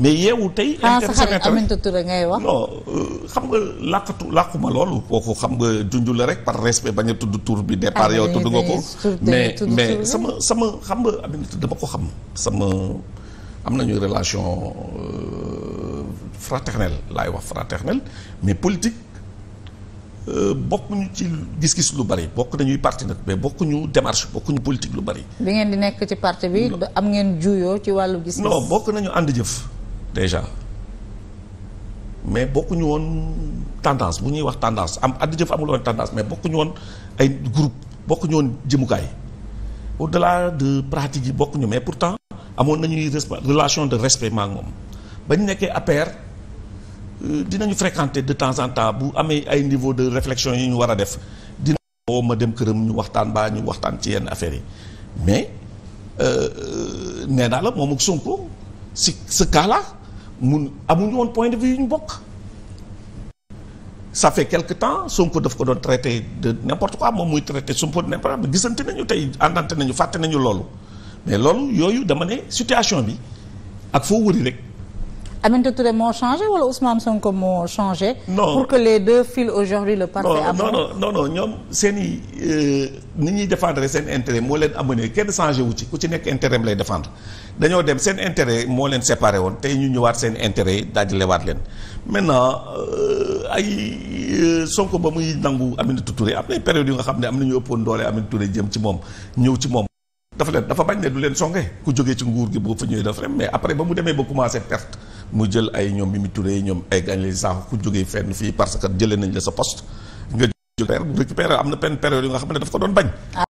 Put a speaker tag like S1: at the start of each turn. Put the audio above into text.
S1: mais yeewu tey. Ah, inter sa xarit Aminata Touré ngay wax. non euh, xam nga làqatu làquma loolu. kooku xam nga junj la rek par respect bañ a tudd tur bi départ ah, yow tudd nga ko. mais mais sama sama xam nga Aminata dama ko xam. sama am nañu relation euh, fraternelle laay wax fraternelle mais politique euh, bokkuñu ci gis-gis lu bari bokk nañuy parti nag mais bokkuñu démarche bokkuñu politique lu bari. bi ngeen di nekk ci parti bi. am ngeen juyoo ci wàllu gis-gis. non bokk nañu ànd jëf. déjà mais bokkuñu woon tendance bu ñuy wax tendance am àdd jëf amul woon tendance mais bokkuñu woon ay groupe bokkuñu woon jëmukaay au delà de pratique yi bokkuñu mais pourtant amoon nañuy relation de respect maak moom ba ñu nekkee APR euh, dinañu fréquenter de temps en temps bu amee ay niveau de réflexion yi ñu war a def dina woo ma dem këram ñu waxtaan baa ñu waxtaan ci yenn affaires yi mais euh, nee naa la moom ak Sonko si ce cas mun amuñu woon point de vie yu ñu bokk ça fait quelque temps Sonko daf ko doon traité de n'importe quoi moom muy traité Sonko de n'importe quoi gisante nañu tey àndante nañu fàtte nañu loolu mais loolu yooyu dama ne situation bi ak foo wëri rek Aminata Touré moo changé wala Ousmane Sonko moo changé. no pour que les deux filent aujourd'hui le parti. non non non non ñoom seen i euh, ni ñuy défendre seen intérêt moo leen amoon kenn wu ci ku ci nekk intérêt am lay défendre dañoo dem seen intérêt moo leen séparé woon tey ñu ñëwaat seen intérêt yi dajalewaat leen maintenant euh, ay euh, Sonko ba muy nangu Aminata Touré am na période yu nga xam ne am na ñu ëppoon doole Aminata Touré jëm ci moom ñëw ci moom. dafa leen dafa bañ ne du leen songe ku jógee ci nguur gi boo fa ñëwee dafa mais ba mu demee ba commencé perte. mu jël ay ñoom Mimi Touré ñoom ay Gagny Sakho ku jógee fenn fii parce que jëlee nañ la sa poste nga jóg récupéré am na benn période yu nga xam ne daf ko doon bañ